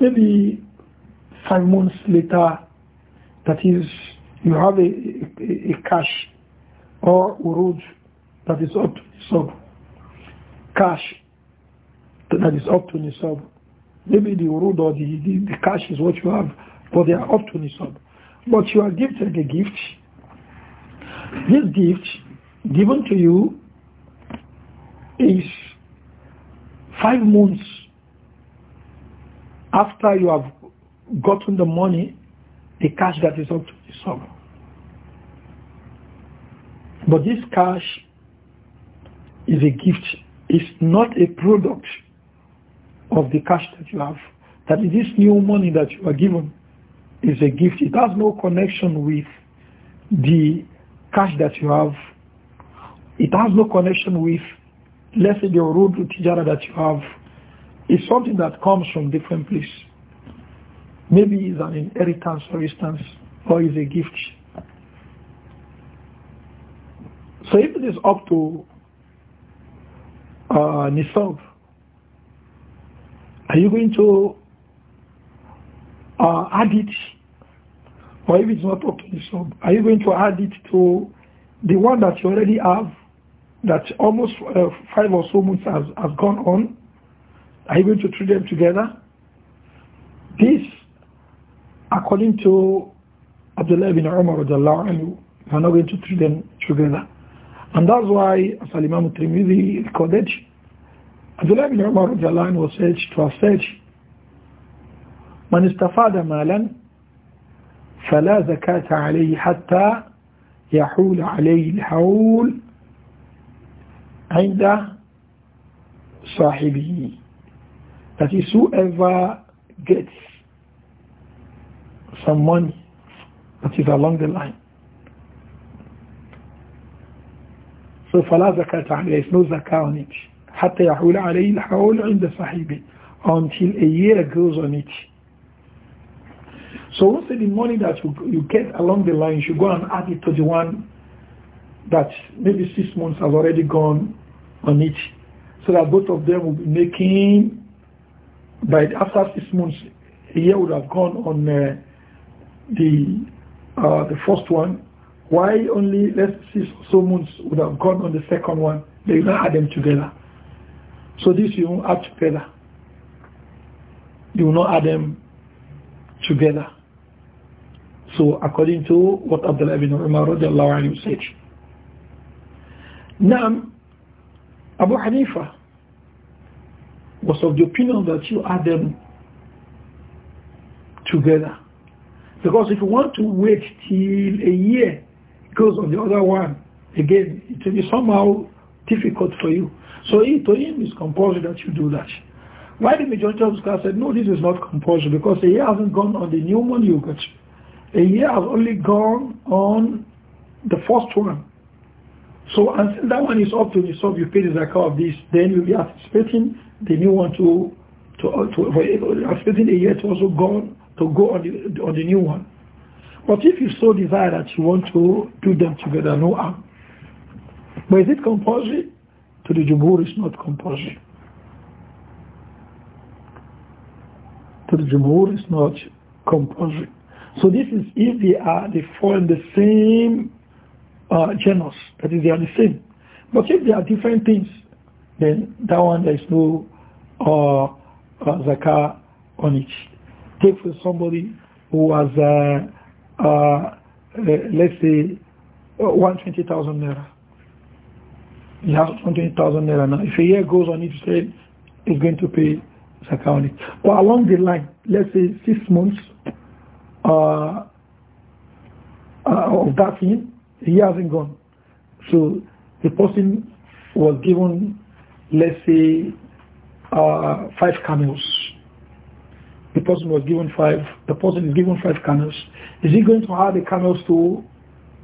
maybe five months later, that is, you have a, a, a cash or urud that is up to nisab. Cash that is up to nisab. Maybe the urud or the, the, the cash is what you have, but they are up to nisab. But you are gifted a gift. This gift given to you is five months after you have gotten the money, the cash that is up to the sum. But this cash is a gift. It's not a product of the cash that you have. That this new money that you are given is a gift. It has no connection with the cash that you have. It has no connection with, let's say, the road to Tijara that you have is something that comes from different place. Maybe it's an inheritance, for instance, or is a gift. So if it is up to uh, are you going to uh, add it? Or if it's not up to Nisab, are you going to add it to the one that you already have that almost uh, five or so months has, has gone on? Are you going to treat them together? This, according to Abdullah ibn Umar, we are not going to treat them together. And that's why, as Imam Trimidi recorded, Abdullah ibn Umar was said to have said, من استفاد مالا فلا زكاة عليه حتى يحول عليه الحول عند صاحبه That is whoever gets some money that is along the line. So فلا زكاة عليه, there is no zakah on it. حتى يحول عليه الحول عند صاحبه until a year goes on it. So once the money that you, you get along the line, you should go and add it to the one that maybe six months has already gone on it. So that both of them will be making by after six months, a year would have gone on uh, the uh, the first one. Why only let six so months would have gone on the second one? They will not add them together. So this you won't add together. You will not add them together. So according to what Abdullah ibn Umar said. Now, Abu Hanifa was of the opinion that you add them together. Because if you want to wait till a year because on the other one, again, it will be somehow difficult for you. So he, to him, it's compulsory that you do that. Why the majority of scholars said, no, this is not compulsory because a year hasn't gone on the new one you got. A year has only gone on the first one. So until that one is up to the sub, you pay the zakah of this, then you'll be anticipating the new one to, to, uh, to uh, anticipating a year to also go, to go on the, on the new one. But if you so desire that you want to do them together, no harm. But is it compulsory? To the Jumhur, it's not compulsory. To the Jumhur, it's not compulsory. So this is if they are, they in the same uh, genus, that is, they are the same. But if they are different things, then that one there is no uh, uh, zakah on it. Take for somebody who has, uh, uh, uh let's say, uh, 120,000 naira. He has 120,000 naira now. If a year goes on, it say going to pay zakah on it. But along the line, let's say six months uh, uh of that thing, he hasn't gone. So the person was given, let's say, uh, five camels. The person was given five. The person is given five camels. Is he going to add the camels to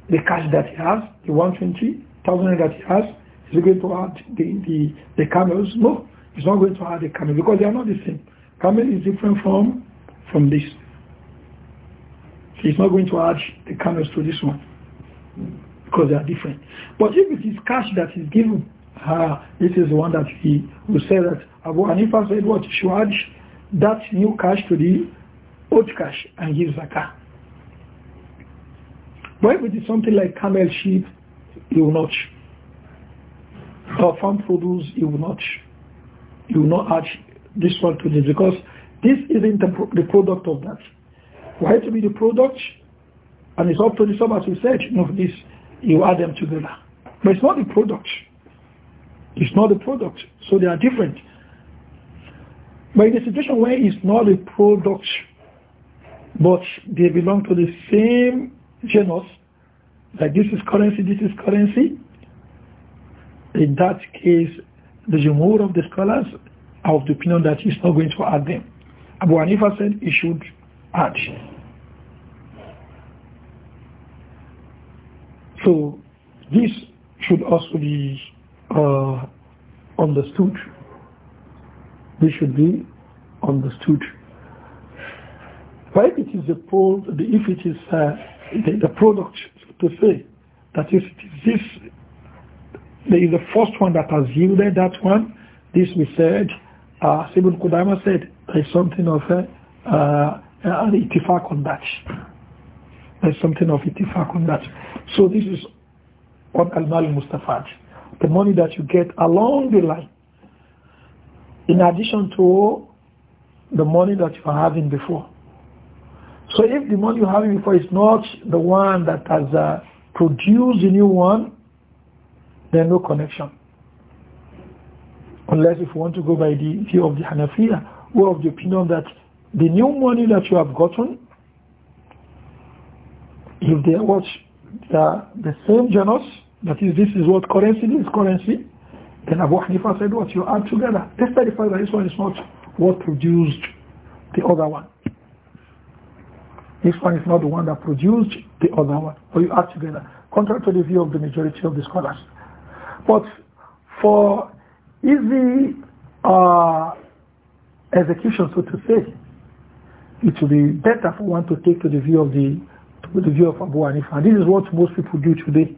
the cash that he has, the 120,000 that he has? Is he going to add the, the, the camels? No, he's not going to add the camel because they are not the same. Camel is different from, from this. He's not going to add the camels to this one because they are different. But if it is cash that is given, ah, this is the one that he will say that Abu Hanifa said what? she Shuaj that new cash to the old cash and give zakah. But if it is something like camel sheep, he will not. Or farm produce, he will not. He will not add this one to this because this isn't the, the product of that. Why to be the product? And it's up to the scholars as said, you know, this, you add them together. But it's not the product. It's not the product. So they are different. But in a situation where it's not a product, but they belong to the same genus, like this is currency, this is currency, in that case, the jumhur of the scholars are of the opinion that he's not going to add them. Abu Hanifa said he should add. So this should also be uh, understood. This should be understood. Why if it is the product, if it is uh, the, the, product to say that is this, is the first one that has yielded that one, this we said, uh, Sibun Kudama said, there is something of a, uh, an ittifaq on that. There's something of itifak on that. So this is what Al-Mal Mustafaj. The money that you get along the line. In addition to the money that you are having before. So if the money you're having before is not the one that has uh, produced the new one, there's no connection. Unless if you want to go by the view of the Hanafiya, or of the opinion that the new money that you have gotten if they watch the, the same genus, that is, this is what currency is currency, then Abu Hanifa said, what you add together, despite the fact that this one is not what produced the other one. This one is not the one that produced the other one, or you add together, contrary to the view of the majority of the scholars. But for easy uh, execution, so to say, it would be better for one to take to the view of the with the view of Abu Hanifa. And this is what most people do today.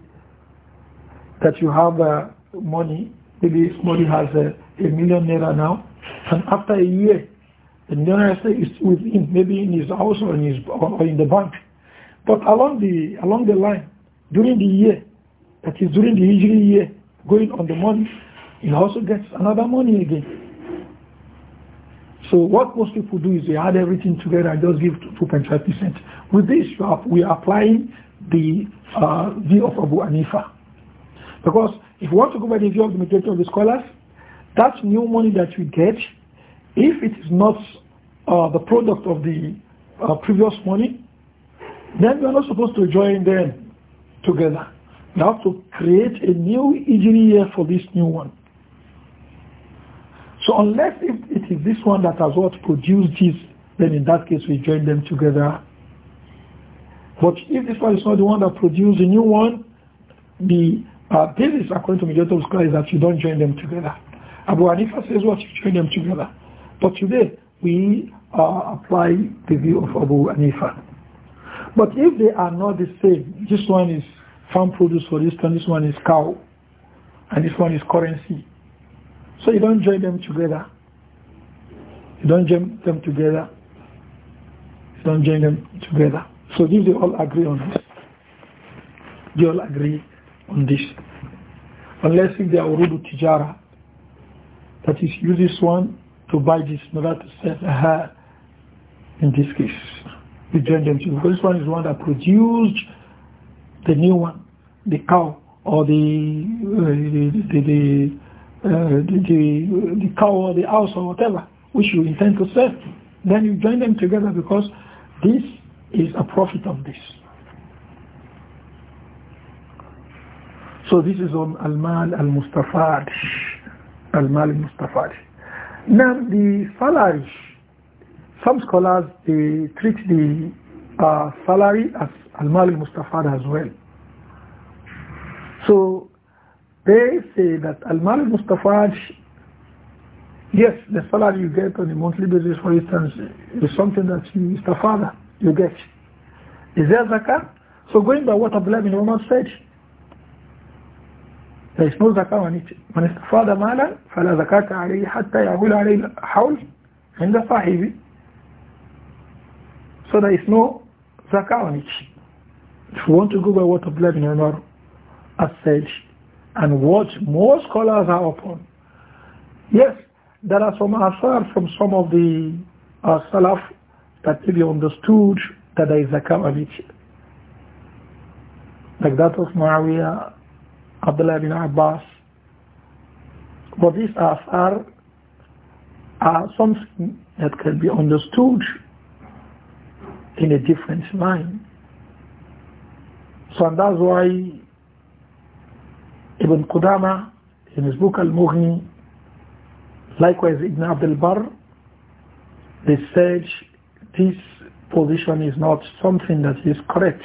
That you have uh, money, maybe somebody has uh, a million naira now, and after a year, the naira is with him, maybe in his house or in, his, or in the bank. But along the, along the line, during the year, that is during the Hijri year, going on the money, he also gets another money again. So what most people do is they add everything together and just give 2.5%. With this, we are applying the uh, view of Abu Anifa. Because if you want to go by the view of the majority of the scholars, that new money that you get, if it is not uh, the product of the uh, previous money, then you are not supposed to join them together. You have to create a new engineer for this new one. So unless if it is this one that has what produced this, then in that case we join them together. But if this one is not the one that produced the new one, the uh, basis according to majority of scholars is that you don't join them together. Abu Hanifa says what you join them together. But today we uh, apply the view of Abu Hanifa. But if they are not the same, this one is farm produce for one, this one is cow, and this one is currency. So you don't join them together. You don't join them together. You don't join them together. So these they all agree on this. They all agree on this. Unless if they are urudu tijara, that is use this one to buy this, not that to sell her. In this case, you join them together. Because this one is one that produced the new one, the cow or the, uh, the, the, the uh, the, the, the cow or the house or whatever, which you intend to sell, then you join them together because this is a profit of this. So this is on Al-Mal Al-Mustafad. Al-Mal Al-Mustafad. Now the salary, some scholars they treat the uh, salary as Al-Mal Al-Mustafad as well. So they say that Al-Mal Mustafaj, yes, the salary you get on a monthly basis, for instance, is something that you, is you get. Is there zakah? So going by what Abdullah bin Umar said, there is no zakah on it. من استفاد مالا فلا زكاة عليه حتى يعول عليه الحول عند صاحبه. So there is no zakah on it. If you want to go by what Abdullah bin Umar has said, and what most scholars are upon. Yes, there are some asar from some of the uh, Salaf that really understood that there is a Kamalit. Like that of Muawiyah, Abdullah bin Abbas. But these asar are something that can be understood in a different line. So and that's why Ibn Qudama in his book Al-Mughni, likewise Ibn Abdul Bar, they said this position is not something that is correct.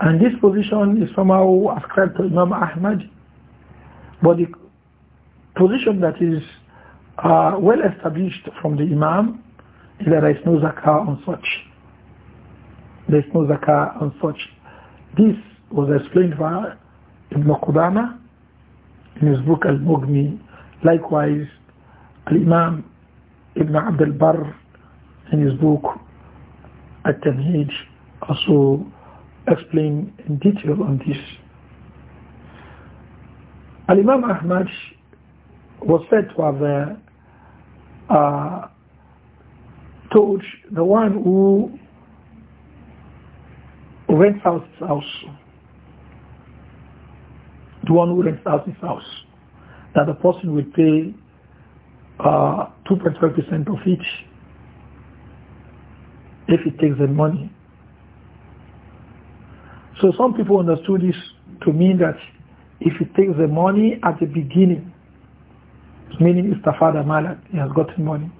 And this position is somehow ascribed to Imam Ahmad, but the position that is uh, well established from the Imam is that there is no zakah on such. There is no zakah on such. This was explained by Ibn Qudama in his book Al-Mughni. Likewise, Al-Imam Ibn Abd al-Barr in his book At-Tamhid also explained in detail on this. Al-Imam Ahmad was said to have uh, uh told the one who rents out his house. The one who rents out his house. That the person will pay uh, 2.5% of each if he takes the money. So some people understood this to mean that if he takes the money at the beginning, meaning istafada malat, he has gotten money.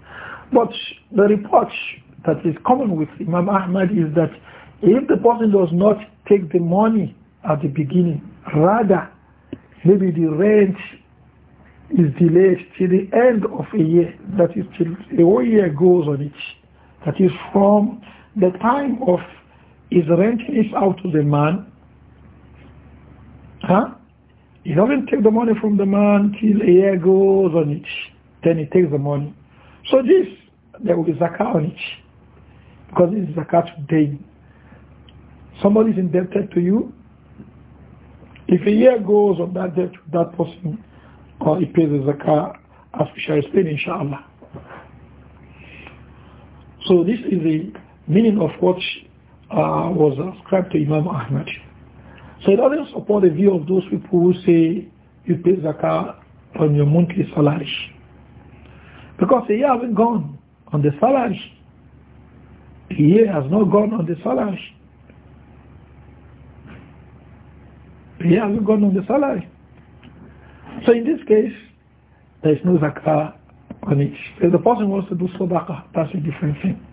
But the report that is common with Imam Ahmad is that if the person does not take the money at the beginning, rather maybe the rent is delayed till the end of a year, that is till a whole year goes on it. That is from the time of his renting it out to the man. Huh? He doesn't take the money from the man till a year goes on it. Then he takes the money. So this, there will be zakat on it. Because this is zakat to Somebody is indebted to you. If a year goes on that debt to that person, or uh, he pays the zakah, as we shall explain, inshallah. So this is the meaning of what uh, was ascribed to Imam Ahmad. So it doesn't support the view of those people who say you pay zakah on your monthly salary. Because the year hasn't gone on the salary. The year has not gone on the salary. He hasn't gone on the salary. So in this case, there is no zakah on it. If the person wants to do sadaqah, that's a different thing.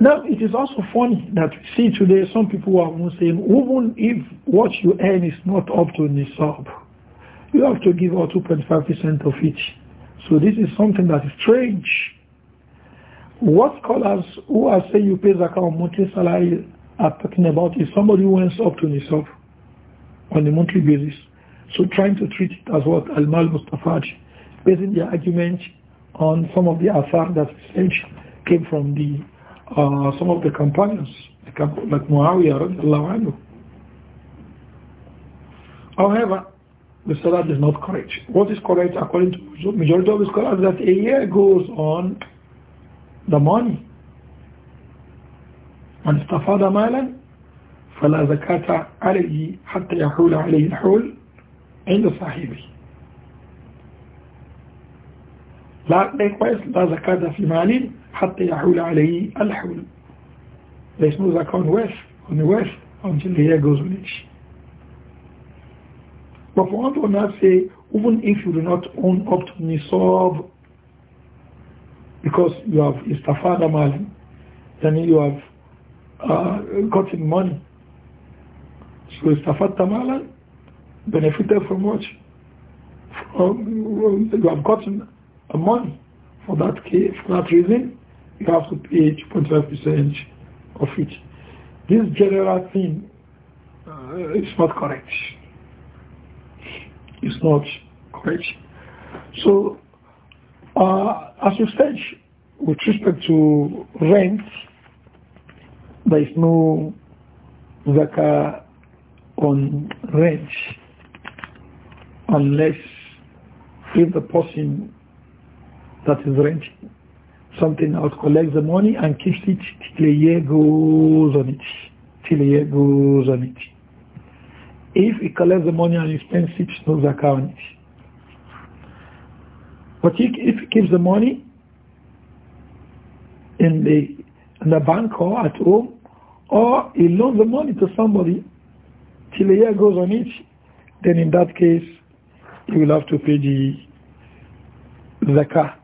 Now, it is also funny that we see today some people are saying, even if what you earn is not up to nisab, you have to give out 2.5% of it. So this is something that is strange. What scholars who are saying you pay zakah on monthly salary are talking about is somebody who earns up to nisab on a monthly basis. So trying to treat it as what Al-Mal Mustafaj, basing their argument on some of the athar that came from the uh, some of the companions, like Muawiyah radiallahu anhu. However, the salat is not correct. What is correct according to majority of the scholars that a year goes on the money. And istafada malan فلا زكاة عليه حتى يحول عليه الحول عند صاحبه لا likewise لا زكاة في مال حتى يحول عليه الحول There is no zakah on wealth, on wealth until the year goes on age. But for one to not say, even if you do not own up to nisab, because you have istafada malan, then you have uh, gotten money, So Istafat benefited from what? From, you have gotten money. For that case, for that reason, you have to pay 2.5% of it. This general thing uh, is not correct. It's not correct. So, uh, as you said, with respect to rent, there is no zakah on rent, unless if the person that is renting something out collects the money and keeps it till a year goes on it. Till a year goes on it. If he collects the money and he spends it, no zakah on it. But if he keeps the money in the, in the bank or at home, or he loans the money to somebody till a year goes on it, then in that case, you will have to pay the zakah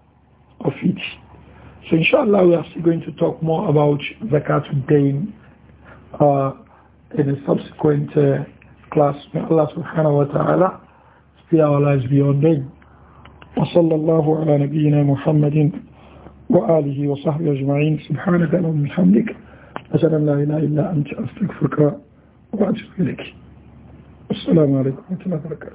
of it. So inshallah, we are still going to talk more about zakah al-dain uh, in a subsequent uh, class. May Allah subhanahu wa ta'ala stay our lives beyond dain. وصلى الله على نبينا محمد وآله وصحبه أجمعين سبحانك اللهم وبحمدك أشهد أن لا إله إلا أنت أستغفرك وبعد ذلك السلام عليكم ورحمة الله وبركاته